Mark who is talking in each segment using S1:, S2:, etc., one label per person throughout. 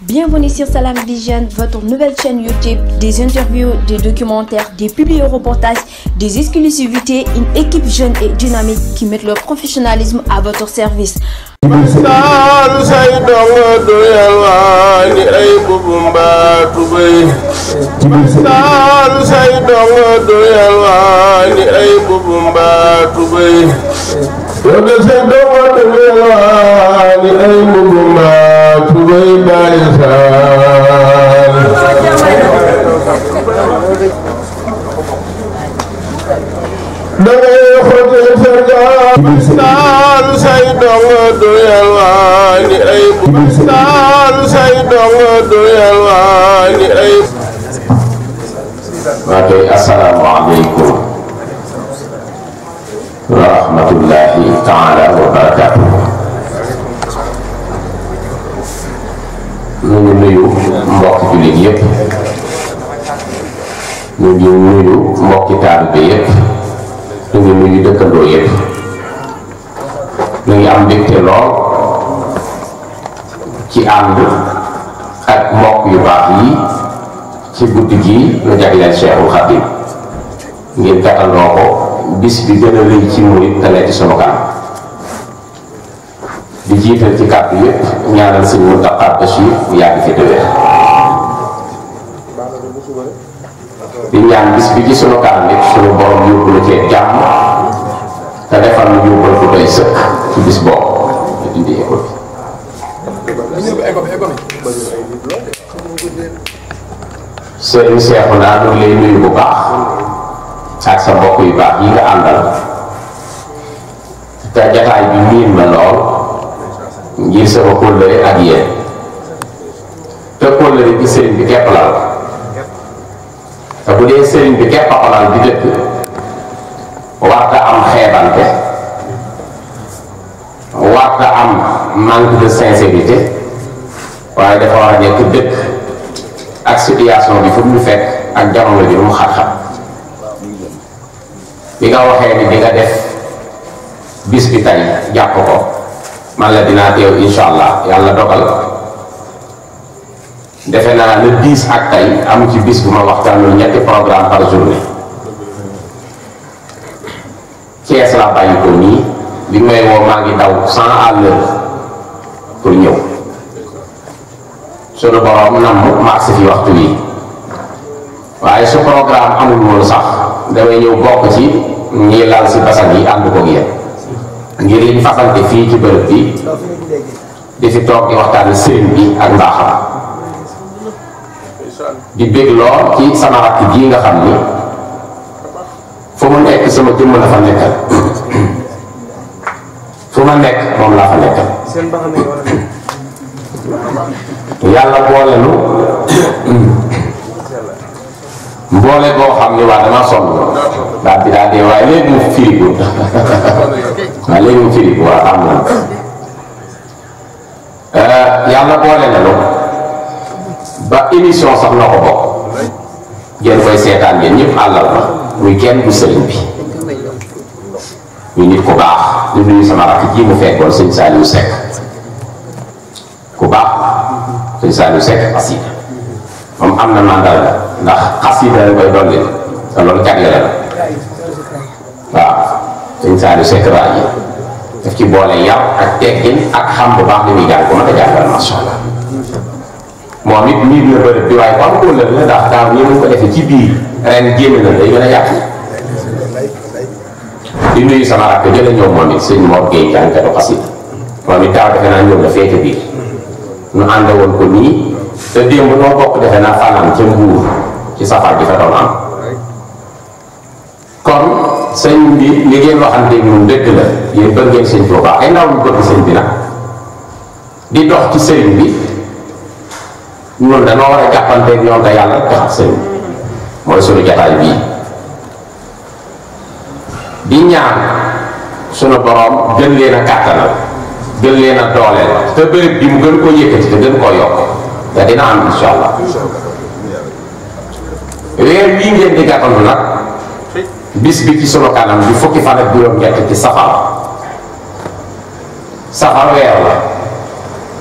S1: Bienvenue sur Salam Vision, votre nouvelle chaîne YouTube, des interviews, des documentaires, des publi des exclusivités, une équipe jeune et dynamique qui met leur professionnalisme à votre service. saalu say dongo du
S2: yalwaani ay mbubu mbaa tubéy saalu say dongo du yalwaani ay mbubu mbaa tubéy saalu say dongo du yalwaani ay mbubu Saalu say dongo du yalwaani ay saalu say dongo du yalwaani ay waa kay assalaamu aleykum
S1: wa rahmatullahi
S3: taala wa barakaatu
S1: mbokki jullit yépp ñu ngi nuyu mbokki taalibe yépp ñu ngi nuyu dëkkandoo yépp ñu ngi am mbégte lool ci ànd ak mbokk yu baax yi ci guddi gi ñu jagleel Cheikhul Khadim ngir gàttandoo ko bis bi gën a rëy ci murit te nekk ci sunu jiital ci kàddu yépp ñaanal sëñ Mountakha Bachir mu yàgg fi déwén di ñaan bis bi ci sunu kanam it sunu borom yóbbu la cee jàmm te defal lu yóbbu la fu doy sëkk ci bis boobu ñu Seexu naa ñu lay nuyu bu baax ak sa mbokk yu baax yi nga àndal te jataay bi miin la lool ngir sama kóllëre ak yéen te kóllëre gi sëriñ bi képp la te bu dee sëriñ bi képp ko laal di dëkk warta am xeebante warta am manque de sincérité waaye dafa war a nekk dëkk ak situation bi fu fekk ak jamono ji mu xat-xat bi nga waxee ni di nga def bis bi tey jàpp ko man la dinaa teew insha allah yàlla dogal defe naa le 10 ak tey am ci bis bu ma waxtaanul ñetti programme par journée Thiès laa bàyyi ko nii bi may woo maa ngi daw 100 à pour ñëw sunu borom nam mu marché fi waxtu yi waaye su programme amul woon sax damay ñëw bokk ci ñi laal si basan yi ànd koog yéen ngir liñ fasante fii ci bërëb bi di fi toog di waxtaan sëriñ bi ak mbaaxam di bég lool ci sama rakk ji nga xam ni fu mu nekk sama jëmm la fa nekkal fu ma nekk moom laa fa nekkal boole nu mboole boo xam ni waa dama sonn baat bi daa dee waaye léegi mu firigu waaye léegi mu firigu waaw euh, boole na nu ba émission sax na ko bokk ngeen koy seetaan yéen ñëpp àllal la muy kenn du sëriñ bi ñu nit ku baax ñu nuyu sama rakk ji mu fekkoon sëñ Saliou Seck ku baax sëñ Saliou Seck xasida moom am na mandal la ndax xasida la koy dolli te loolu jagleel la waaw sëñ Saliou Seck raaj yi daf ci boole yar ak teggin ak xam bu baax li muy jàng ko mën a jàngal macha allah moom it nii dina bëri bi waaye ko am kóllëre ndax daaw ñi mu ko defee ci génn na day gën a di nuyu sama rakk jële ñoom moom it sëñ Mor Gueye defe naa ñoom la féete biir ñu ànd woon ko nii te démb noo bokk defe naa fanaan ca mbuur ci safar bi fa doon am kon sëñ bi li ngeen waxante ñun dëgg la yéen ngeen sëñ Tuubaa ay ndaw ñu bëgg sëñ bi nag di dox ci sëriñ bi ñun danoo war a jàppanteeg ñoom te yàlla rek tax sëñ mooy sunu jataay bii di ñaan sunu boroom gën leen a kàttanal gën leen a dooleel te béréb bi mu gën koo yëkkati te gën koo yokk te dina am insha allah weer wii ngeen di gàttandu nag bis bi ci sunu kanam di fukki fan ak juróom-ñett ci safar safar weer la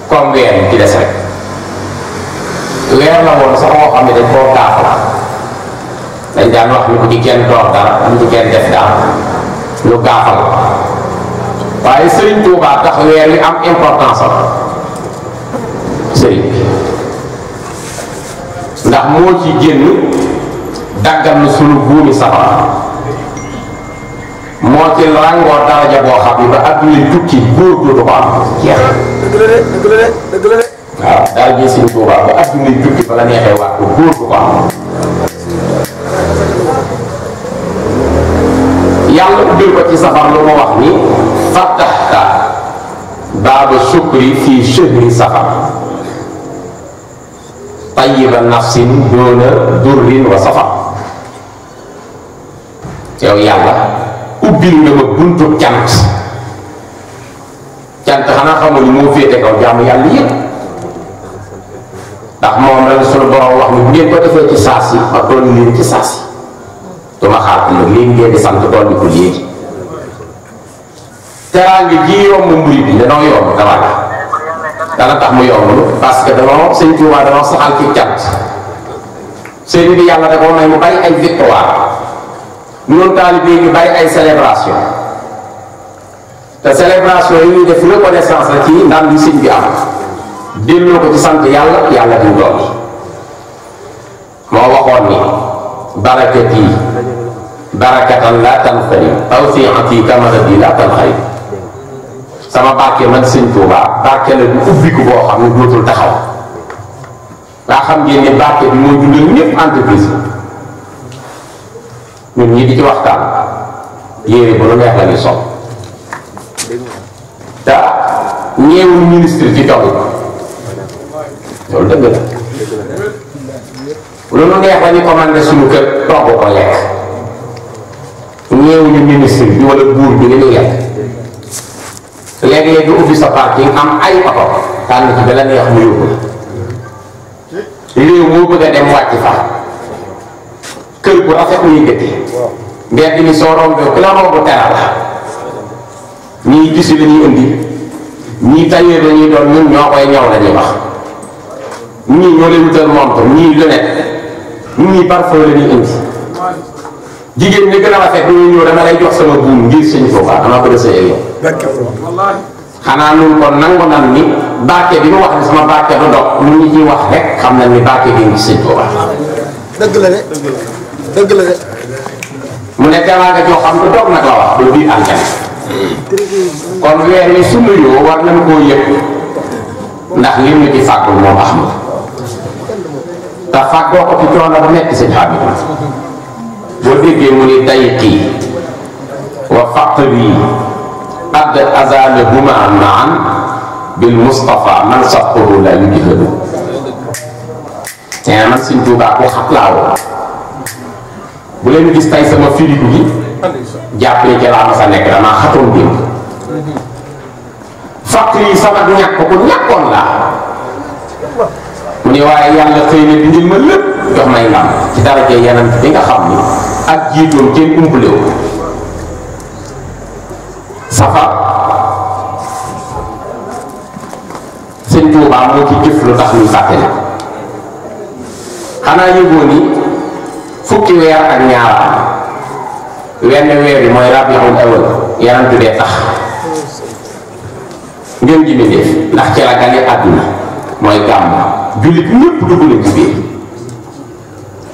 S1: comme weer bi ci des rek leer la woon sax moo xam ne dañ koo gaafal dañ daan wax ni bu ci kenn door dara bu kenn def dara ñu gaafal waaye Serigne Touba tax weer wi am importance am Serigne ndax moo ci génn daggal na sunu buumi safar moo ci ràngoo daraja boo xam ne ba adduna tukki góor góor du ko am jeex waaw daal di sëñ Tuuba jukki ba la neexee waat ko góor du ko am yàlla ubbil ko ci safar lu ma wax ni fataxta baaba sukri fii chehri safar tayiba nafsin doona durrin wa safar yow yàlla ubbil nga ma buntu cant cant xanaa xamul moo féete kaw jaamu yàlla yëpp ndax moom la suñu borom wax ni ngeen ci saa ma toll leen ci saa si duma xaar ëllëg lii ngeen di sant tool bi ko léegi teraange ji yomb mbir bi danoo yomb tabax dana tax mu yomb parce que danoo sëñ Tuubaa danoo saxal ci cat sëñ bi yàlla da koo may mu bari ay victoire noonu taalibe ñu bari ay célébration te célébration yi ñuy def reconnaissance la ci ndam li sëñ bi am delloo ko sant yàlla yàlla di doom moo waxoon ni barakat yi barakatan laa tanfari tawsiati kamaradi laa tanxari sama barke man sëñ Tuuba la bu ubbiku boo xam ne dootul taxaw ngaa xam ngeen ne bi moo dundal ñëpp entreprise ñun ñi di ci waxtaan yére bu lu neex la ñu sol te ñeewul ministre ci kaw loolu dëgg lu mu neex dañu commandé suñu kër togg ko lekk ñëw ñu ministre bi wala buur bi li muy lekk léeg-léeg nga ubbi sa am ay oto tànn ci bala neex mu yóbbu la réew moo bëgg a dem wàcc fa kër bu rafet muy gëti mbedd mi soo rombee ku la romb teral la ñii gisi la ñuy indi ñii tailleur la ñuy doon ñun ñoo koy ñaw la ñuy wax ñii ñoo leen wutal montre ñii lu nekk ñii parfum la ñuy indi jigéen ñi gën a rafet ñu ñëw dama lay jox sama buum ngir sëñ ko dese yow. xanaa ñun kon nangu nan ni barke bi mu wax mu ngi ciy wax rek xam nañ ni barke bi ngi sëñ mu ne teraanga joo xam ne doog nag la wax du biir aljana kon weer ni su nuyoo war nañ koo yëg ndax lim la ci fàggul moom Ahmad te fàggoo ko ci coono bu nekk si xaar yi boo déggee mu ni dayqi wa faqri qad azalahuma maan bil Mustafa man saxuru la yujhadu nee na man suñ ku xat laa woon bu leen gis tey sama firigu gi jàpp ni ca laa ma sa nekk damaa xatoon démb faqri sama ñàkk ko ñàkkoon laa mu ne waaye yàlla xëy na dindil ma lépp jox may ndam ci daraje yeneen bi nga xam ni ak jiitoom kenn umpale safar sëñ Tuubaa moo ci jëf lu tax ñu fàttali xanaa yëgoo ni fukki weer ak ñaaraam wenn weer bi mooy rabiul awal yaram tuddee tax ngeen ji mi def ndax ci la gane àdduna mooy gàmm jullit ñëpp dugg nañ ci biir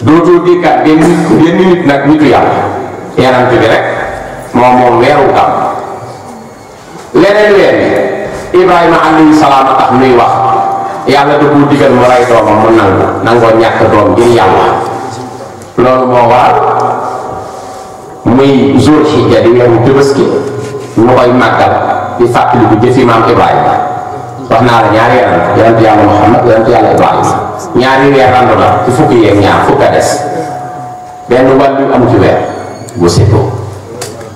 S1: dootoo déggaat benn nit benn nitu yàlla yarante bi rek moom moom weeru tam leneen leen Ibrahima alayhi salaam tax muy wax yàlla da koo mu rey doomam mu nangu nangoo ñàkk doom ngir yàlla loolu moo waral muy jour xijja di weeru Tabaski ñu koy màggal di fàttaliku jëfi maam Ibrahima wax naa la ñaari yaram yonent yàlla Muhammad yonent yàlla Ibrahima ñaari weer rand la ci fukki yeeg ñaar fukk a des benn wàllu amu ci weer bu setoo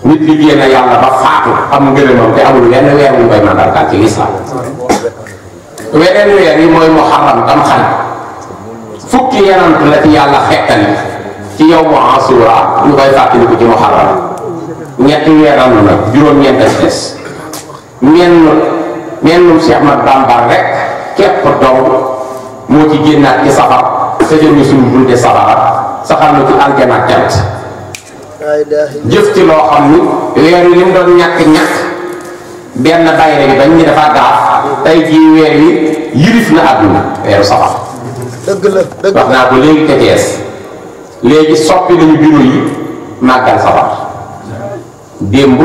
S1: nit liggéey na yàlla ba faatu am ngërëmam te amul wenn weer wu koy mandargaal ci lislaam weneen weer yi mooy muharram tam xan fukki yonent la ci yàlla xettali ci yow mu asura ñu koy fàttali ko ci muharram ñetti weer rand la juróom-ñeent des des mennum Cheikh Mat Bamba rek képp dong moo ci génnaat ci safar sa jëm ñu suñu dunde safara saxal na ci aljana ak jëf ci loo xam ni weer wi li doon ñàkk-ñàkk benn daayira bi dañ ñu dafa gaaf tey jii weer wi yirif na àdduna weeru safar
S2: wax naa ko léegi te tees
S1: léegi soppi nañu bureau yi màggal safar démb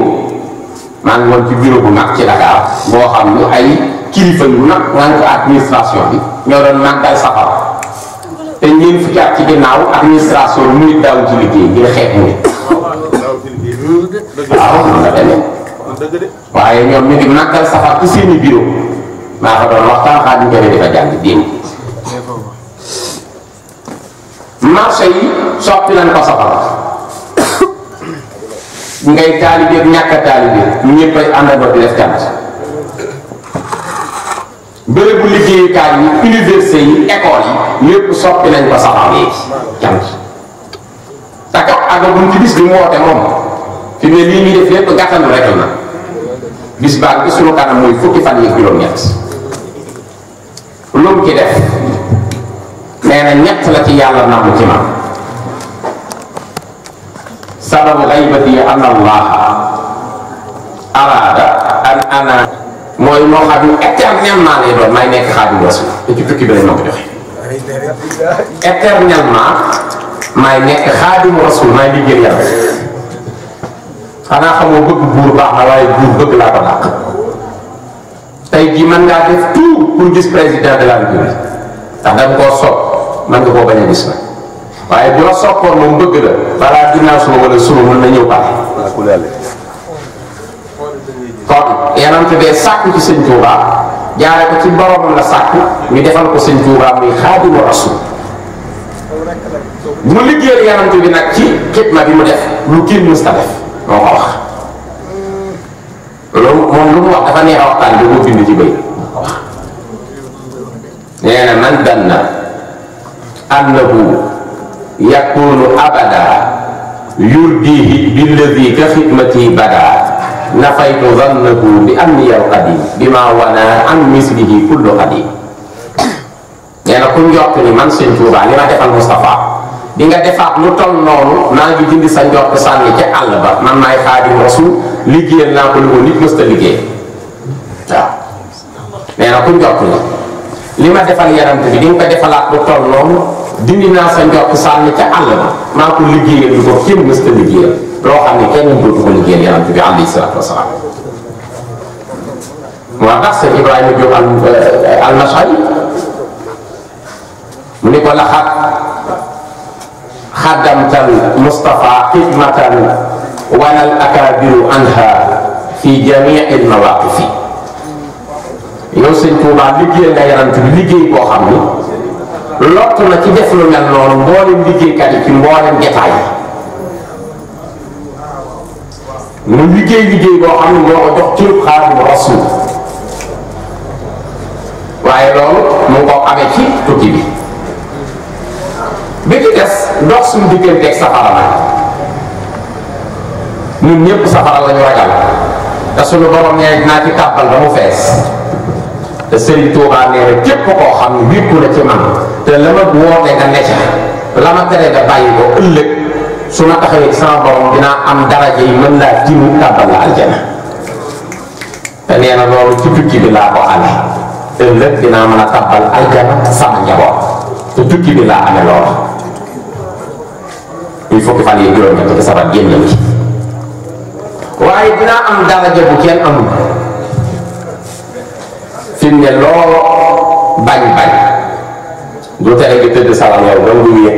S1: maa ngi ci bureau bu mag ci Dakar boo xam ne ay kilifa yu nag rànk administration ñoo doon màggal safara te ñeent fukki at ci administration bi muy daaw ci liggéey ngir safar ci seeni bureau maa fa doon waxtaan xaar ñu jëlee dafa jàng démb marché yi soppi nañ ko safara ngay taalibe ñàkk a taalibe ñëpp ay àndandoo di def cant bërëbu liggéeyukaay yi université yi école yi lépp soppi nañ ko saxaw yi cant taka aga buñ ci bis bi mu woote moom fi ne lii ñuy def lépp gàttandu rek na bis baa ngi sunu kanam mooy fukki fan yi juróom lu mu ci def nee ñett la ci yàlla namm ci man sababu xaybati anna allah araada an ana mooy moo xam ne éternellement lay doon may nekk xaadim rasul te ci tukki bi lañ ma ko joxe éternellement may nekk xaadim rasul may liggéey yàlla xanaa xamoo bëgg buur baax na waaye buur bëgg laa ko dàq tey jii mën ngaa def tout pour gis président de la république ndax da nga koo soog mën nga koo bañ a gis waaye bu la soppoon moom bëgg la balaa ginnaaw suba wala suba mën na ñëw baax. kon yonent bee sàkku ci sëñ Touba jaare ko ci boromam la sàkku ñu defal ko sëñ Touba muy xaadimu rasul mu liggéeyal yonent bi nag ci xidma bi mu def lu kenn mës moo ko wax. loolu moom lu mu wax dafa neex a waxtaan bi mu bind ci bëy nee man danna annahu yakunu abada yurdihi billadi ka xidmati bada nafaytu zannahu bi anni al qadim bima wana an mislihi kullu qadim nee na ku njort ni man sëñ Tuuba li ma defal Moustapha di nga defaat lu toll noonu naa ngi dindi sa njort sànni ca àll ba man maay xaadim rasul liggéeyal naa ko lu ko nit mësta liggéey waaw nee na ku njort ni li ma defal yaramte bi di nga defalaat lu toll noonu dindi naa sa njort sànni ca àll ba maa ko liggéeyal lu ko kenn mësta liggéeyal loo xam ne kenn dootu ko liggéeyal bi alayhi salaatu wasalaam moo tax sëñ Ibrahima Diop al Nashari eh, mu ne ko laxat xaddamtal Moustapha xidmatan wanal akaabiru anha fi jamii al mawaqifi yow sëñ Tuubaa liggéeyal nga yonent bi liggéey boo xam ni lott na ci def lu mel noonu mboolem liggéeykat yi mboolem jataay yi mu liggéey liggéey boo xam ne moo ko jox cër Xaadimu Rasuul waaye loolu mu ko amee ci tukki bi bi ci des ndox suñu digganteeg safara nag ñun ñëpp safara la ñu ragal te suñu borom nee naa ci tàbbal ba fees te Sëriñ Tuubaa képp koo xam ne wékku na ci man te la ma woote nga ne la ma tere nga bàyyi ko ëllëg su ma taxawee sama borom dinaa am daraja yi mën laa jiwu tàbbal la aljana te nee na loolu ci tukki bi laa ko amee ëllëg dinaa mën a tàbbal aljana sama njaboot te tukki bi laa amee loolu il faut am daraja bu kenn amul fi ne loo bañ bañ. du tere gi tëdd salalool ba mu yëg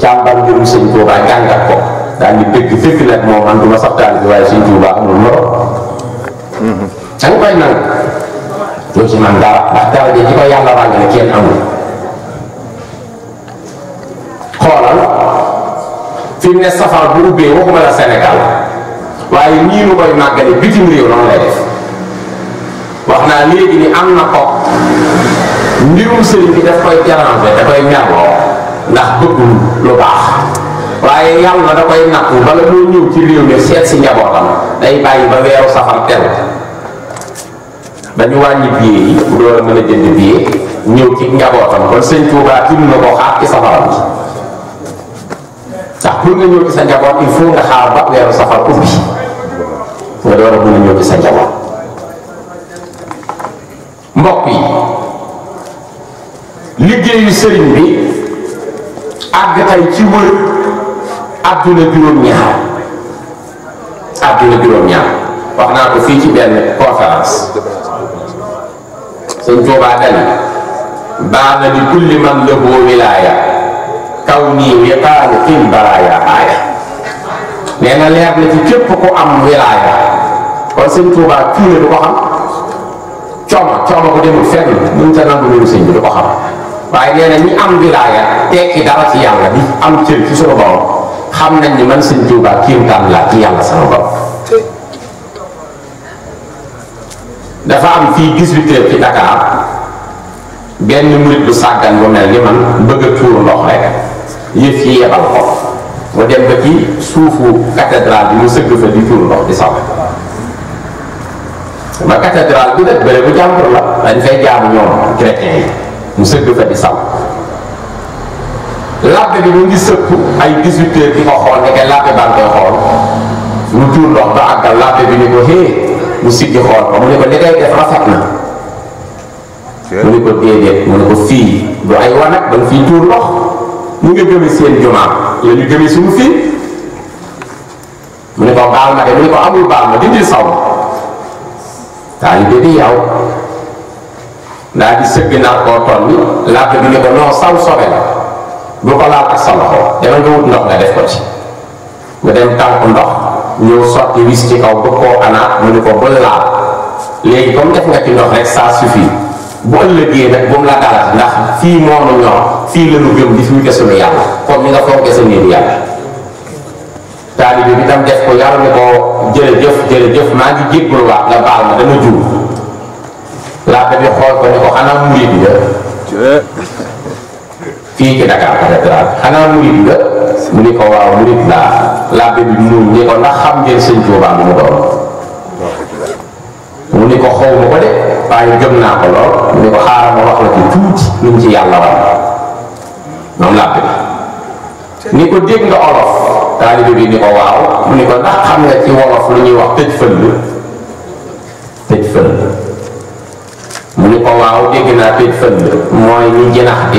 S1: càmbar mbirum sëñ Tuubaa jàngat ko daal di dëgg dëgg nag moom man du ma sax waaye sëñ Tuubaa amul morom. da fi ne safar bu ubbee waxuma la Sénégal waaye nii lu koy màggale bitim réew ni am na ko. mbirum sëriñ bi daf koy déranger da koy merloo ndax bëggul lu baax waaye yàlla da koy nattu bala moo ñëw ci réew seet si njabootam day bàyyi ba weeru safar tel dañu wàññi billet yi bu door a mën a jënd billet ñëw ci njabootam kon sëñ Tuubaa timm na ko xaar ci safara bi ndax pour nga ñëw ci sa njaboot il faut nga xaar ba weeru safar ubbi nga door a mën a ñëw ci sa njaboot mbokk yi liggéeyu sëriñ bi àgg tey ci wër àdduna juróom-ñaar àdduna juróom-ñaar wax naa ko fii ci benn conférence sëñ Tuubaa dana baa na li kulli man lahu wilaaya kaw nii wiqaalu fin baraaya aaya nee na leer na ci képp ku am wilaaya kon sëñ Tuubaa cuune du ko xam coono coono ko demul fenn mënta nangu loolu sëñ bi du ko xam waaye nee na ñi am wilaaya tekki dara ci yàlla di am cër ci sama borom xam nañ ni man sëñ Tuuba kéemtaan laa ci yàlla sama borom dafa am fii 18 heures ci Dakar benn murit sàggan bu mel ni man bëgg a tuur ndox rek yëf yi yebal ko mu dem ba ci suufu cathédrale bi mu sëgg fa di tuur ndox di saw ba cathédrale bi nag bëre bu jàmbur la dañ fay jaamu ñoom chrétien yi mu sëgg fa di saw labbe bi mu ngi sëpp ay 18 heures di ko xool ne kay labbe baa koy xool mu tuur ndox ba àggal labbe bi ni ko hee mu siggi xool ko mu ne ko li ngay def rafet na mu ne ko déedéet mu ne ko fii du ay wanag ba nga fii tuur ndox mu ngi gëme seen jumaa la ñu gëme suñu fii
S2: mu ne ko baal ma de mu ne ko amul baal ma dindil saw
S1: taalibe bi yow daa di sëgg nar koo toll ni làkk bi ne ko non saw sobe la bu ko laal ak sa loxo demal nga wut ndox nga def ko ci nga dem tànk ndox ñëw sotti wis ci kaw bëgg koo anaat mu ne ko bul laal léegi comme def nga ci ndox rek ça suffit bu ëllëgee nag bu mu la dalal ndax fii moonu ñor fii la ñu gëm di fi sunu yàlla comme ni nga fonkee sa néegu yàlla taalibi bi tam def ko yàlla ne ko jërëjëf jërëjëf maa ngi jéggaluwaat nga baal ma dama juum laata bi xool ko ni ko xanaa murid nga fii ci Dakar cathédrale xanaa murid nga mu ni ko waaw murid laa laata bi ni ko ndax xam ngeen sëñ Tuubaa lu mu ni ko ma ko de waaye gëm naa ko lool mu ni ko ma wax la ci tuuti luñ ci yàlla war moom laata bi ni ko dégg nga olof taalibe bi ni mu ni ko ndax xam nga ci wolof lu ñuy wax tëj fël tëj mu ni ko waaw dégg naa tëj fënd mooy ñu jënax di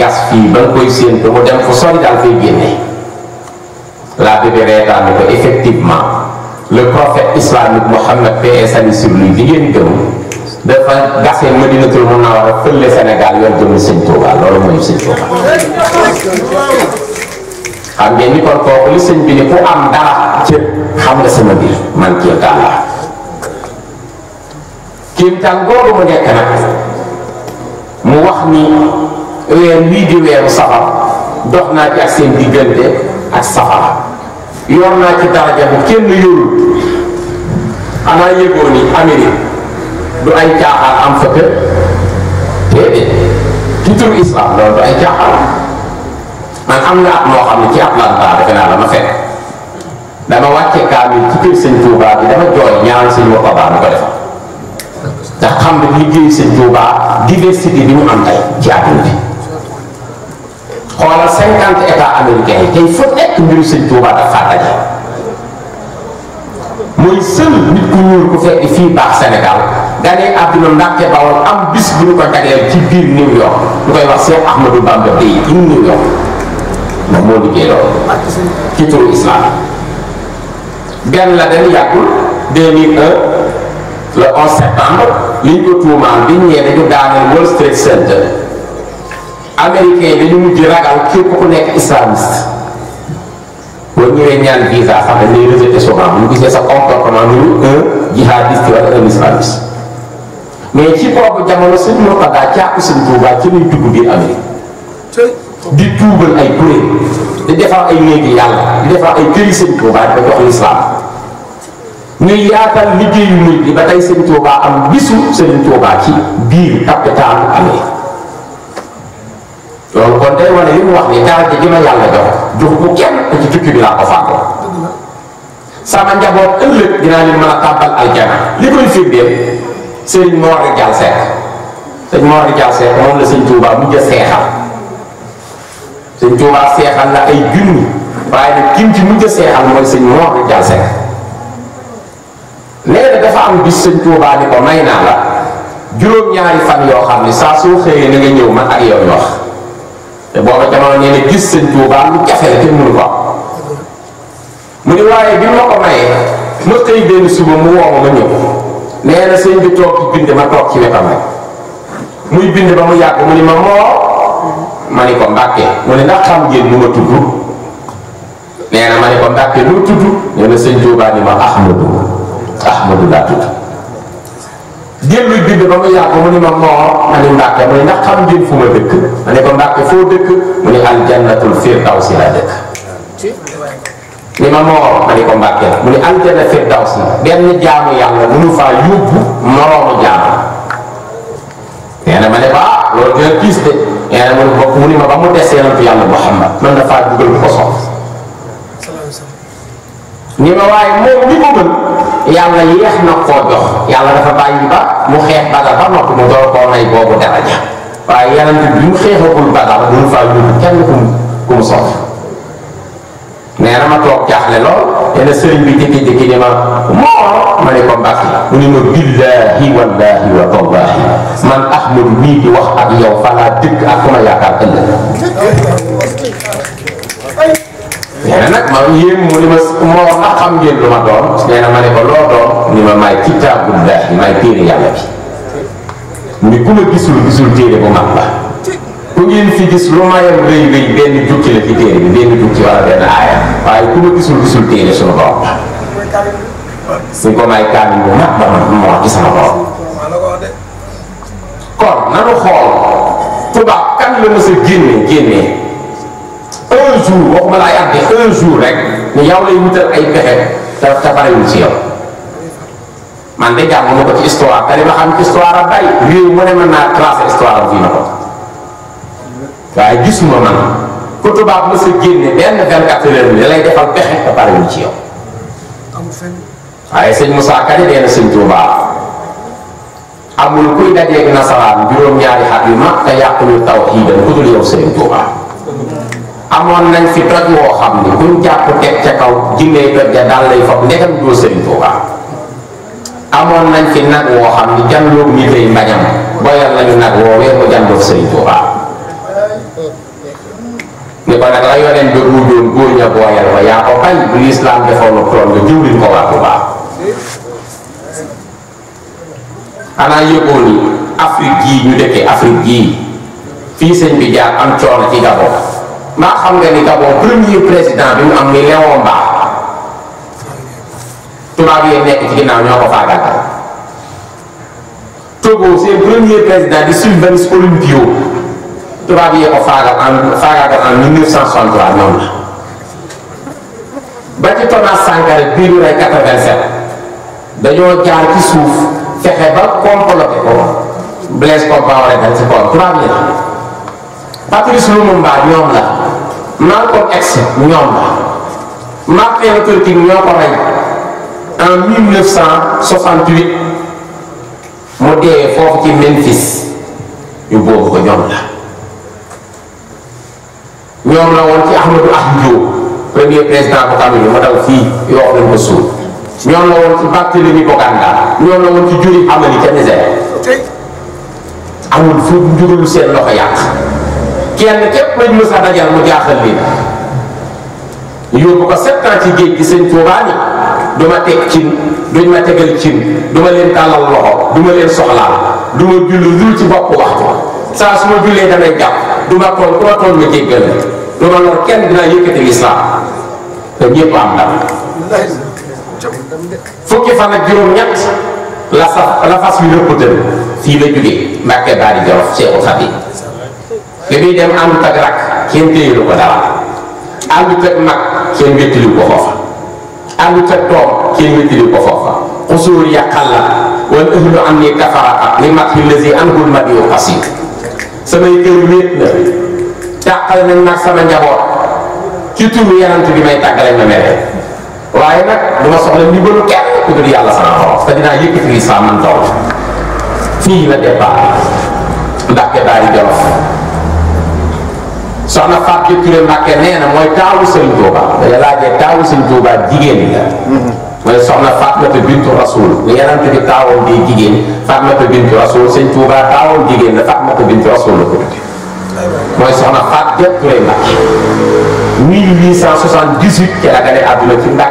S1: gas fii ba nga koy séentu mu dem fu sori daal fay génne laa bébé reetaan ni ko effectivement le prophète islamique Mohammed paix et salut sur lui li ngeen Madinatul Munawwara fële Sénégal yoon jëm Sëñ Tuuba loolu mooy Sëñ Tuuba bi ni ku am dara cër xam nga sama man kéemtaan la kéemtaan googu mu nekk nag mu wax ni weer wii di weeru safar dox naa ci ak seen diggante ak safara yor naa ci daraja bu kenn yorul xanaa yëgoo ni Amérique du ay caaxaan am fa kër déedéet ci turu islam loolu du ay caaxaan man am nga at moo xam ne ci Atlanta defe naa la fekk dama wàcce kaamil ci kër sëñ Touba bi dama jooy ñaan sëñ Moustapha ko defal te xam ne liggéey seen Tuubaa diversité bi mu am tey ci àdduna bi xoolal cinquante états américains yi tey fu nekk mbiru seen Tuubaa daf faa daje sël nit ku ñuul ku fekk fii baax Sénégal gane àdduna Mbàkke Bawol am bis bu ñu ko jagleel ci biir New York ñu koy wax Cheikh Ahmadou Bamba Bay in New York ndax moo liggéey loolu ci turu islam benn la dañu yàggul 2001 le 11 septembre liñ ko tuumaal biñ ñee dañu daaneel World Trade Center américain dañu mujj ragal képp ku nekk islamiste boo ñëwee ñaan visa xam ne lay rejeté souvent gisee sa comportement ñu un jihadiste wala un islamiste mais ci boobu jamono suñ moo ko daa càpp suñ tuubaa ci ñuy dugg biir Amérique di tuubal ay kuréel di defar ay néegi yàlla di defar ay këri sëñ tuubaa di ko jox l'islam ñuy yaatal liggéeyu nit ñi ba tey sëñ Touba am bisu sëñ Touba ci biir capital bu amee loolu kon day wane li mu wax ni daraja ji ma yàlla jox jox ko kenn ku ci tukki bi laa ko fàggoo sama njaboot ëllëg dinaa leen mën a tàbbal aljana li koy firndeel sëñ Mor Dial Seck sëñ Mor Dial Seck moom la sëñ Touba mujj seexal sëñ Touba seexal na ay junni waaye nag kim ci mujj seexal mooy sëñ Mor Dial Seck nee na dafa am bis sëñ Tuubaa ni ko may naa la juróom-ñaari fan yoo xam ne saa soo xëyee na nga ñëw man ak yow wax te booba jamono nee gis sëñ Tuubaa lu jafe la te mënu ko mu ni waaye bi ma ko toog ci bind ma muy bind ba mu yàgg mu ni ma moo ma ni ko mbàkke mu ne ndax xam ngeen nu ma tudd nee ma ni ko mbàkke nu tudd nee na sëñ Tuubaa ni ma Ahmadu Ahmadu laa tudd génn bind ba mu yàgg mu ni ma moor ma ni Mbàkke mu ni ndax xam ngeen fu ma dëkk ma ne ko Mbàkke foo dëkk mu ni aljannatul firdawsi laa dëkk ni ma moor ma ni ko Mbàkke mu ni aljanna firdawsi benn jaamu yàlla mënu faa yóbbu moroomu jaamu nee na ma ne ko ah loolu dina kiis de nee na mu ni bopp mu ni ma ba mu des yonentu yàlla Muhammad man dafaa dugal ko soxla ni ma waaye moom li ko mën yàlla yéex na koo jox yàlla dafa bàyyi ba mu xeex badar ba noppi mu door koo may boobu daraja waaye yonent bi mu xeexagul badar du mu faa yóbbu kenn ku ku mu nee na ma toog jaaxle lool te ne sëriñ bi jékki-jékki ni ma moo ma ne ko mbàkk mu ne ma billahi wallahi wa tallahi man ahmadu mii di wax ak yow falaa ak ku ma yaakaar ëllëg nee na nag man yéem mu ni ma moo wax ndax xam ngeen lu ma doon nee na ma ne ko loo doon ni ma maay kitaabullahi maay téere yàlla bi ni ku ma gisul gisul téere bu mag ba ku ngeen fi gis lu mayam rëy rëy benn jukki la ci téere bi benn jukki wala benn aaya waaye ku ma gisul gisul téere suñu borom suñ ko may kaamil bu mag ba ma moo ci sama borom kon nanu xool tubaab kan la mës a génne génne un jour waxuma laay at bi un jour rek ne yow ay pexe te te ci yow man de jàng ma ko ci histoire te ma xam histoire a bari mu ne mën naa tracer histoire am fii na ko waaye gisuma man ku tubaab mës a génne benn 24 heures bi da lay defal pexe te barewul ci yow waaye sëñ Moussa Kane dee na sëñ Touba amul kuy dajeeg nasaraan juróom-ñaari xat yu mag te yàqulu tawxiidam ku dul yow sëñ Touba amoon nañ fi toj woo xam ni buñ jàpp teg ca kaw jinney toj ja daal lay foog ndegam doo sëriñ Tuuba amoon nañ fi nag woo xam ni janloog nit lay mbañam boyal nañu nag woo weer mu janloog sëriñ Tuuba ni ko nag la yoneen ba ruujoon góor ña booyal ko yaa ko bañ bu lislaam defoon ak tool nga jiwlin ko waa Tuuba xanaa yëgoon ni Afrique gii ñu dëkkee Afrique gii fii sëñ bi jaar am coono ci Gabon ndax xam nga ni premier président bi mu am ni Léon Mbarr tubaab yi nekk ci ginnaaw ñoo ko faagaagal Togo seen premier président di Sylvain Olympio tubaab yi ko faagaagal en faagaagal en 1963 noonu la ba ci Thomas Sankara bii ñu rey 87 dañoo jaar ci suuf fexe ba comploté ko Blaise Compaoré dañ ci kaw tubaab yi la Patrice Lumumba ñoom la. Malcolm X ñoom la Martin Luther King ñoo ko rey en 1968 mu dee foofu ci Memphis ñu boobu ko ñoom la ñoom la woon ci Ahmadou Ahmadou premier président bu Cameroun ma dal fii yoo xam ne ko ñoom la woon ci Barthélemy Boganda ñoom la woon ci Juri Hamani ca Niger amul fu mu jugalu seen yàq. kenn képp lañ mës a dajal mu jaaxal leen yóbbu ko sept ci géej gi sëñ Tuubaa ni ma teg cin duñ ma tegal cin du ma leen tàllal loxo du leen soxlaal du julli lul ci bopp waxtu saa su ma jullee damay jàpp du ma toon ku ma toon ma jéggal du ma lor kenn dina yëkkati lislaam te ñëpp am ndam fukki fan ak juróom-ñett la saf la fas wi rëpp tën fii la jógee Mbàkke Baari Jolof Seexul Xadiim li muy dem àndut ak rakk kenn téyelu ko dara àndut ak mag kenn wéttaliwu ko foofa àndut ak doom kenn wéttaliwu ko foofa xusuur yàqal la wal ëhlu am ni tafaraqa li mat xillazi anhul mat yu xasid samay kër wéet na tàqale nañ nag sama njaboot ci turu yanant bi may tàggale ma mere waaye nag du ma soxla ndimbalu kenn ku dul yàlla sama borom te dinaa yëkkati li saa man taw fii la départ Mbàkke Baari Jolof soxna Fatou Touré Mbacké nee na mooy taawu Sëriñ Touba dañu laajee taawu Sëriñ Touba jigéen la mooy soxna Fatmata bintu Rasul bi taawam bintu Rasul mooy soxna Fatou Touré Mbacké 1878 ci ci la génn àdduna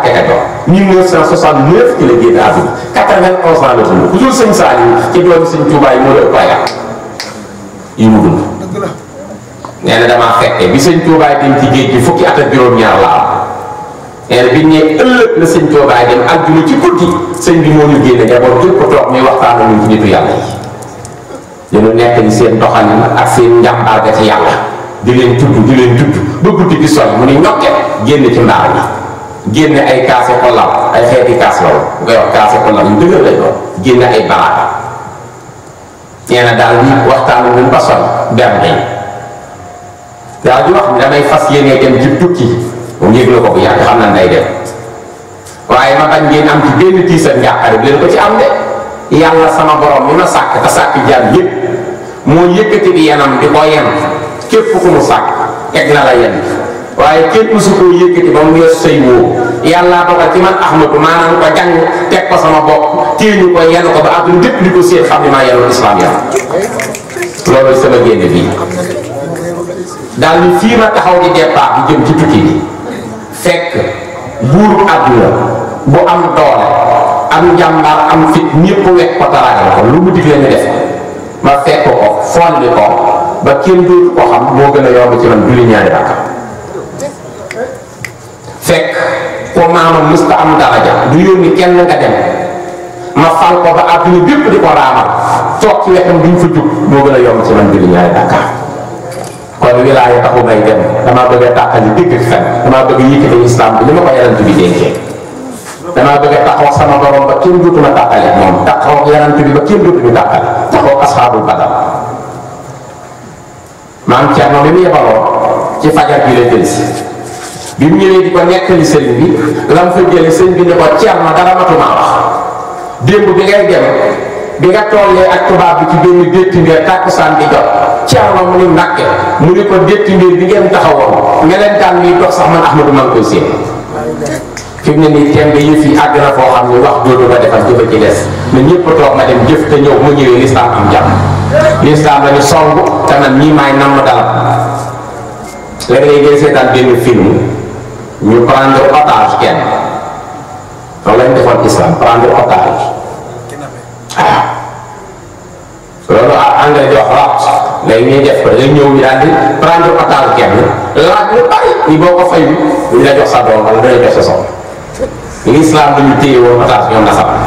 S1: 91 ans la dund toujours Sëriñ Saliou ci doomi Sëriñ Touba yi moo la ëpp ay at yi mu dund nee na fekke bi sëñ Touba dem ci géej gi fukki at ak juróom-ñaar la am nee bi ñu ëllëg la sëñ Touba dem ak juma ci guddi sëñ bi moo ñu génne ni seen doxalin ak seen njàmbaar ga ci yàlla di leen tudd di leen mu ni ñokke génn ci ndaar la génne ay kaase xollal ay daal waxtaan nañ ba sol benn daa di wax damay fas yéene dem ci tukki moom yëg na ko bu yàgg xam na day dem waaye ma bañ ngeen am ci benn tiis njàqare bi leen ko ci am de yàlla sama borom mi ma sàkk te sàkk jaam yëpp moo yëkkati bi yenam di ko yen képp mu sàkk teg na la yen waaye képp su ko yëkkati ba mu yor sama bopp téeñu ko yen ko ba àdduna lépp di ko séet xam ne maa yenoon islam yàlla loolu sama génn bii daal ni fii ma taxaw di départ bi jëm ci tukki bi fekk buur àdduna bu am doole am njàmbaar am fit ñëpp wekk ko taragal ko lu mu digle ñu def ma fekk ko fondi ko ba kenn dootu ko xam moo gën a yomb ci man julli ñaari rakka am daraja du yónni kenn ci wetam duñ kon wilaaya taxu may dem damaa bëgg a tàqali dëgg ak fen damaa bëgg yëkkati islam bi li ma ko yonent bi dénkee damaa bëgg a taxaw sama borom ba kenn dootuma tàqali moom taxaw ak bi ba kenn dootuñu tàqali taxaw asxaabul badal maam Thierno bi mu yebaloo ci fajar bi la si bi mu ñëwee di ko nekkali sëriñ bi lam fa jële bi ne ko Thierno dara matuma wax démb bi ngay dem bi nga tollee ak tubaab bi ci benn détti mbir tàkkusaan bi jot Ceerno mu ni Mbàkke mu ni ko détti mbir bi ngeen taxawoon melentaan bi dox sax man Ahmadu maa ngi koy séen fi mu ne nii temb yëf yi àgg na foo xam ni wax doodu ma defal jëfa ci des na ñëpp toog ma dem jëf te ñëw mu ñëwee lislaam am jàmm lislaam la ni song te man ñii maay namm dalam léeg-léeg ngay seetaan benn film ñu prendre otage kenn loolu lañ defoon islam prendre otage tàngoor joo xam mais ñuy def ko dañuy ñëw ñu daal di prendre otage kenn laaj lu bari ñu ko fay ñu la jox sa doom wala du la jox sa soxla l'islam dañu téye woon otage ñoom nasaraan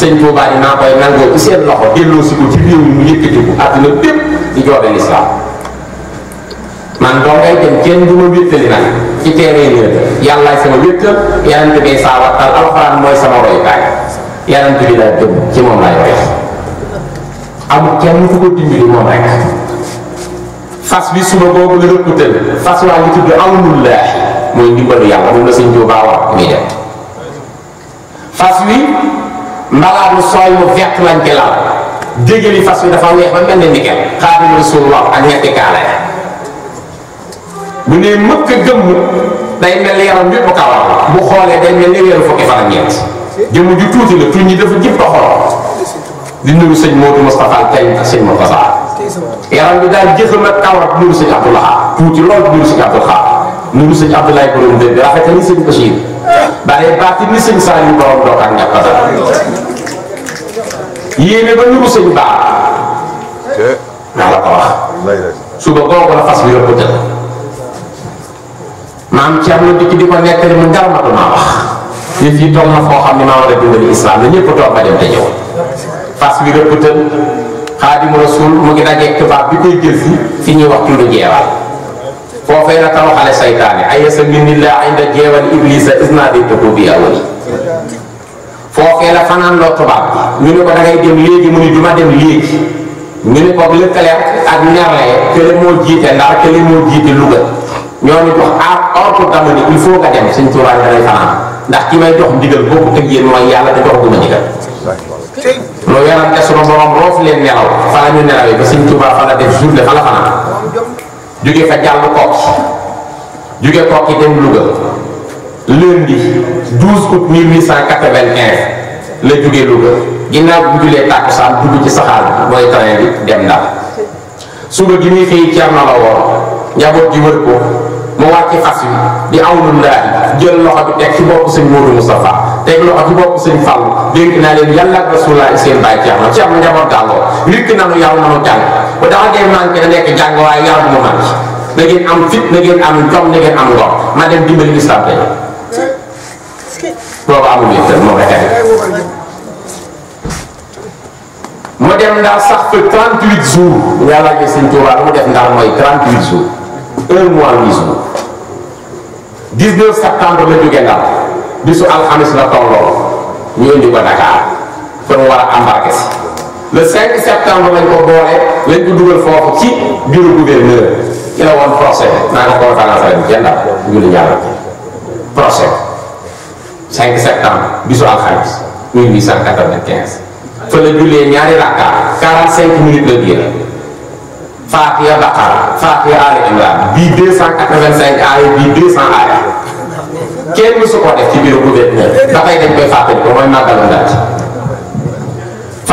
S1: sëñ Touba yi naa koy nangoo ci seen loxo delloo si ko ci réew mi mu yëkkati ko àdduna bépp di joxe l'islam man doo ngay dem kenn du ma wéttali nag ci terrain yi yàllaay sama wéttal yonent bi saa wattal alxuraan ci moom laay roy amul kenn fu ko dimbali moom rek fas bi suba boobu la rëkkutal fas waa ngi tudd awnullah mooy ndimbalu yàlla moom la sëñ Tuubaa wax muy dem fas wi mbalaanu sooy mu vert lañ ci laal déggali fas wi dafa weex ba mel ne nikel Xaadimu Rasuul wax ak ñetti kaala bu nee mëkk gëmm day mel ni yaram yépp kawar bu xoolee day mel ni weeru fukki fan ak ñeent jëmm ju tuuti la tuñ ñi dafa jëpp a xool di nuru sëñ Modou Moustapha Kay ak sëñ Moustapha yaram bi daal jëfam ak kaw ak nuru sëñ Abdoulaha tuuti lool nuru sëñ Abdoulaha nuru sëñ Abdoulaye borom dëgg rafetal ni sëñ Bachir bàyyi baati ni sëñ Saliou borom doo ak ñàkk dara yéene ba nuru sëñ Ba naa la ko wax suba googu la fas bi yóbbu tëdd maam Thierno dikk di ko nekkali mu dara ma du maa wax yëf yi toog na foo xam ne maa war a dundali islam la ñëpp toog ba dem te ñëw fas bi rëpptal xaadim rasul mu ngi dajeeg tubaab bi koy jël si fi ñuy wax tund jeewal foofee la tawaxale saytaane ayasa minillah inda jeewal iblisa isnaadi tuku bi awali foofee la fanaan loo bi ñu ne ko da dem léegi mu ni du ma dem léegi ñu ne ko lëkkale ak ñarlaye kële moo jiite ndax kële moo jiite Louga ñoo ni jox aar ordre dama ni il faut nga dem suñ tubaab fanaan ndax ki may jox ndigal boobu tëg yéen mooy yàlla te jox loo yarante suma borom roof leen nelaw fa la ñu nelawee ba sëñ Tuubaa fa la def journée fa la jóge fa jàll kook jóge kook yi dem Louga lundi 12 août 1895 la jóge Louga ginnaaw bu julee tàkkusaan dugg ci saxaar bi mooy train dem Ndar suba gi muy xëy Ceerno la woon njaboot gi ko mu wàcc fas wi di awlu ndaar jël loxo bi teg ci bopp sëñ Moodu Moustapha teg loxo ci bopp sëñ Fall dénk naa leen yàlla ak rasulaay seen bàyyi ci am ci am njaboot dàlloo wikk nanu yaw nanu jàng bu daxa ngeen manqué na nekk jàng waaye yaw mu manqué na ma dem dimbali islam tey sax fa 38 jours yàlla gi sëñ Tuubaa mu def ndax mooy 38 jours un mois 8 jours 19 septembre la jógee ndax bisu alxamis la tolloo ñu indi ko Dakar fa mu war a embarqué si le 5 septembre lañ ko boole lañ ko dugal foofu ci bureau gouverneur ci la woon procès naa ko conférence rek jëndal julli yàlla procès 5 septembre bisu alxamis 1895 fa la jullee ñaari rakka 45 minutes la biir Faatiha Baqara Faatiha bii 285 aaya bii kenn su ko def ci biir gouverneur dafay dañ koy fàttali ko mooy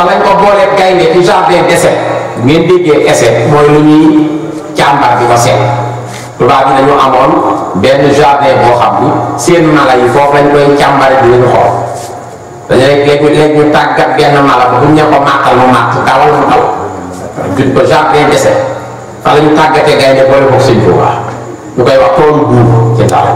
S1: lañ ko boolee gaynde ci jardin d'essai ngeen déggee essai mooy lu ñuy càmbar bi ko benn jardin boo xam ni lañ koy càmbare bi lañu xool dañu rek léegi léegi ñu tàggat benn koy wax toolu buur ci Ndar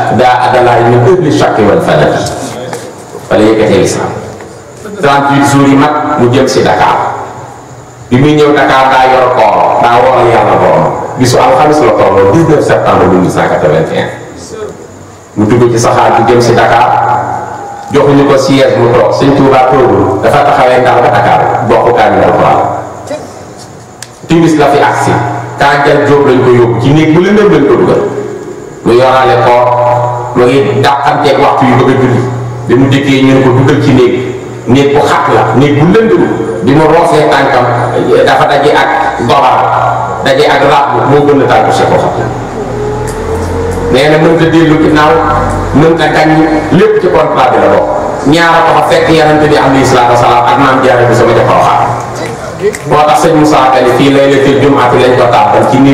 S1: daa adalaay min qabli shakki wal fadal wala yëkkatee lislaam 38 jours yi mag mu jëm si Dakar bi muy ñëw Dakar daa yor koor daa wooral yàlla borom bisu alxamis la tolloo 19 septembre 1881 mu dugg ci saxaar bi jëm si Dakar joxuñu ko siège mu toog sëñ Touba toogul dafa taxawee ndax ba Dakar bokk kaamil alxuraan timis la fi agsi tàngal jóob lañ ko yóbbu ci néeg bu lëndëm lañ ko mu yoraale koor ma ngi dàqanteeg waxtu yu bëgg a dund bi mu dikkee ñu ne ko duggal ci néeg bu xat la néeg bu lënd bi mu roosee tànkam dafa daje ak doxal daje ak raab moo gën a tànku na mënut a dellu ginnaaw mënut a gañ lépp ci contrat bi la bokk ñaara ko fa fekk yarante bi alayhi salaatu wasalaam ak maam jaara bi sama jox waxaat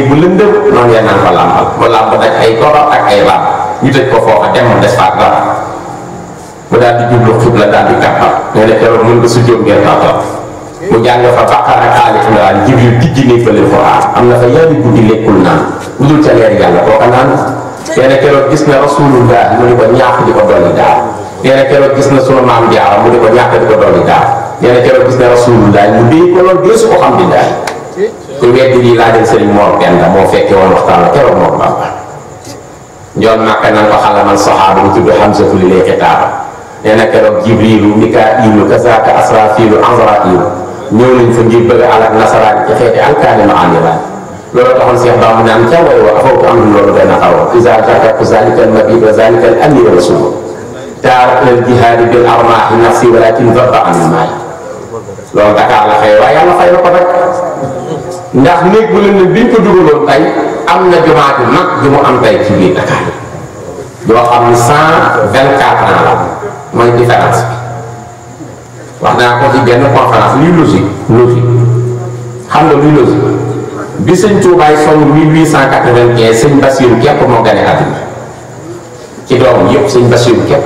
S1: moo tax naan fa làmbal mu làmb daj ay ak ay làmb ñu tëj ko foofa kenn mu des fa dara mu daal di jublu xibla daal di kàppal ñu keroog mën nga su jóg ngeen kàppal mu jàng fa Baqara ak Aali Imraan Jibril tijji ne fële Quraan am na fa lu dul ca leer na keroog gis na rasulullah mu di ko ñaax di ko dolli daal nee keroog gis na sunu maam Jaara mu di ko ñaax di ko dolli daal nee keroog gis na rasulullah mu dee ko loolu dee su ko xam di daal ku weddi lii laajal Sëriñ Mor Penda moo fekke woon waxtaan la keroog moom Bamba njool màkka nan ko xalamal saxaaba bu tudd xamsatu li lay kitaaba nee na keroog jibrilu mikaa'ilu kazaaka asraafilu azraa'ilu ñëw nañ fa ngir bëgg alak nasaraan ci xeeti alkaani ma aniraan loolu taxoon Seex Bamba naan ca way wa afawtu amrum loolu dana al mabiid wa zaalika al amni wa taar al jihaadi bil armaahi nafsi walakin dabba an maay loolu Dakar la xëy waaye yàlla fay na ko rek ndax néeg bu leen ne am na jumaa ju mag am tey yoo xam ne cent vingt quatre ans mooy différence bi wax naa ko ci benn conférence luy logique logique xam nga luy logique bi sëñ Tuubaay song mille huit cent quatre vingt quinze sëñ Basiru képp ci doom yëpp sëñ Basiru képp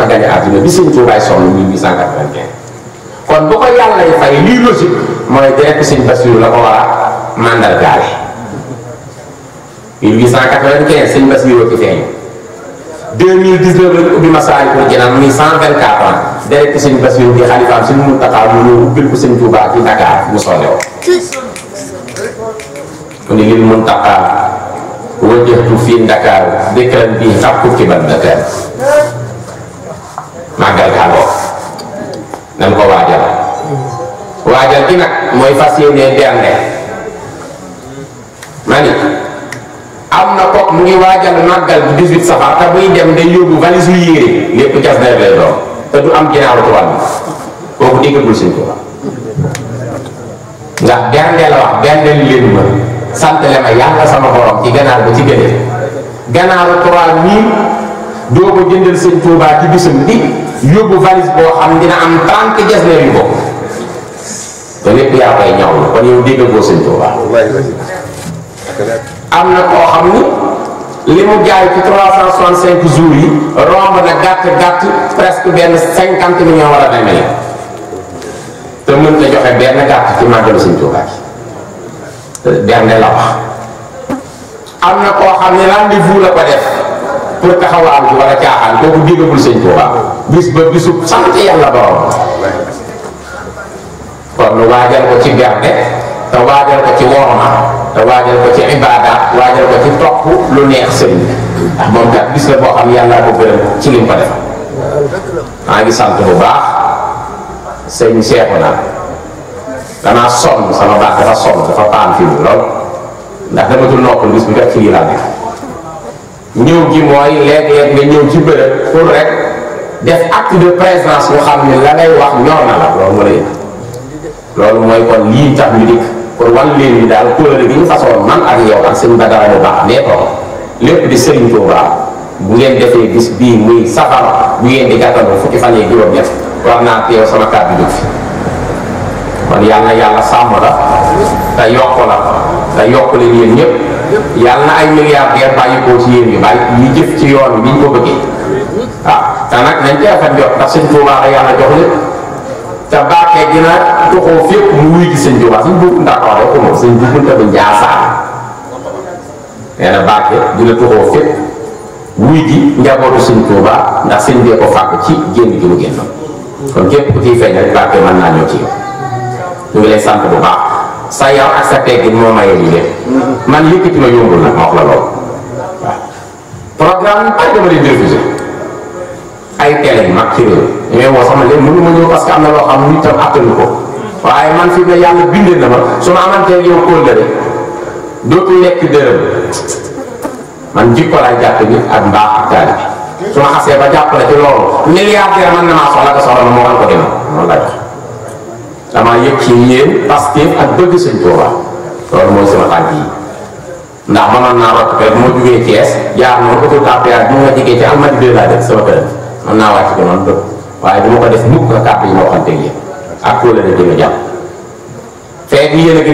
S1: 2019 lañ ubbi Masaalikul Jinaan muy 124 ans derek sëñ Basiru di xalifaam sëñ Muntaxaa mu ñëw ubbil ko sëñ Tuubaa ci Dakar mu sonnew mu ne lil Muntaxaa wajjahtu fii Dakar dikran bii xàpp ci ban Dakar màggal
S2: nan ko waajal waajal gi nag mooy fas yéenee dernde
S1: ma ni am na kook mu ngi waajal màggal bu 18 safar te buy dem day yóbbu valise lu yére lépp cas nawet lay ba ci gëne jëndal sëñ Tuubaa ci bisam bi yóbbu valise boo xam dina am 30 jas na yu bokk te lépp yaa koy ñaw la kon yow déggagoo sëñ Tuubaa am na koo xam ni li mu jaay ci trois cent soixante cinq jours yi romb na gàtt gàtt presque benn cinquante millions war a demee te mën na joxe benn gàtt ci màggalu Sëñ yi benn am na koo xam ne rendez-vous la ko def pour taxawaan bi wala caaxaan kooku déggagul Sëñ Tuubaa bis ba bisu sant yàlla borom kon waajal ko ci bernde te waajal ko ci worma te waajal ko ci ibaadaat waajal ko ci topp lu neex sëriñ ndax moom kat gis la boo xam yàlla ko gërëm ci lim ko def maa ngi sant bu baax sëñ seexu naa danaa sonn sama baax dafa sonn dafa paan fi mu ndax dama dul noppal bis bi kat ci lii laa ñëw gi mooy léeg-léeg nga ñëw ci bërëb pour rek def acte de présence xam ne la ngay wax ñor na la loolu mooy kon lii tax ñu kon wan leen ni daal kóllëre gi ñu façon man ak yow ak sëñ Badara bu baax nee ko lépp di sëriñ Tuubaa bu ngeen defee bis bii muy safar bu ngeen di gàttandu fukki fan yi juróom-ñett yàlla na yàlla sàmm la bàyyi ko ci yéen yu jëf ci yoon bi ñu ko bëggee waaw te nag nañ ci affaire jot ndax sëñ Tuubaa la yàlla jox lépp te barke gi nag fépp mu wuy gi sëñ Tuubaa sëñ buubu Ndakaaru rek moom sëñ buubu Ndakaaru Njaasaan nee na barke dina doxoo fépp wuy gi njabootu sëñ Tuubaa ndax sëñ bee ko fàgg ci génn gi mu génn kon képp ku ciy feeñ rek barke mën naa ñëw ci yow ngi lay sant bu baax sa yaw ak sa teggin moo maye lii lépp man yëkkati ma yombul nag ma wax la lool waaw programme bari dama leen di ay télé mag ci réew mais woo sama léegi am na loo xam nit tam attanu ko waaye man fi ne yàlla bindee na ma su ma amantee yow kóllëre dootul nekk dërëm man jikko laay jàpp nit ak mbaax ak taali bi su ma xasee ba jàpp la ci loolu milliardaire man na maa soxla te soxla moo war ko demee noonu laa damaa yëg ci yéen ak bëgg sëñ Tuuba loolu mooy sama tànk yi ndax mënoon naa rottu rek moo jugee Thiès jaar moom autotapé ak mu nga jigee ci Almadies laa def sama mën naa wàcc ma ko def mukk ak kàpp yi ma waxante yéen ak kóolal ak jëm a jàpp feeg ngi nekk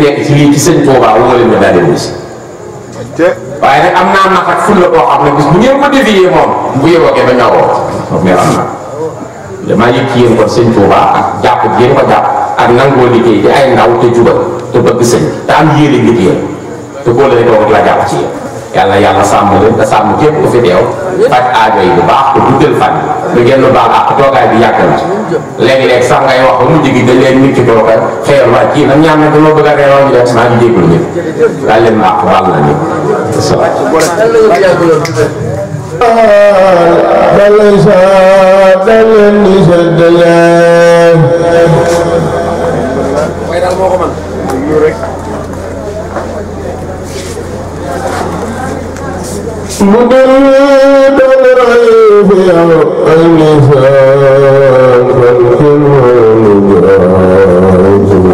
S1: ko dévier moom bu yeboo na damaa yëg ci kon sëñ Touba ak jàpp gi ngeen ko jàpp ak nangoo liggéey di ay ndaw te jubal te bëgg sëñ te am yéene liggéeyal te kóolal ak la jàpp ci yéen yàlla yàlla sàmm leen te sàmm képp ku fi deew faj aajo yi bu baax ku guddal fan lu gën lu baax ak toogaay bi yàgg na léegi-léegi sax ngay wax ba mujj gi dañ leen nit ki doo ko xëyal waa kii nag ñaan na dama bëgg a reeroo ñu def maa ngi jégul ñëpp daal leen baax baal na ñëpp
S2: dal leen مجلد الغيب أنساك الكلمة والخفض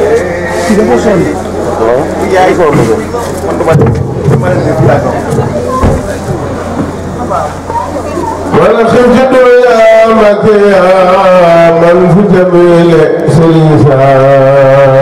S2: يا متي يا من في جميل سلسان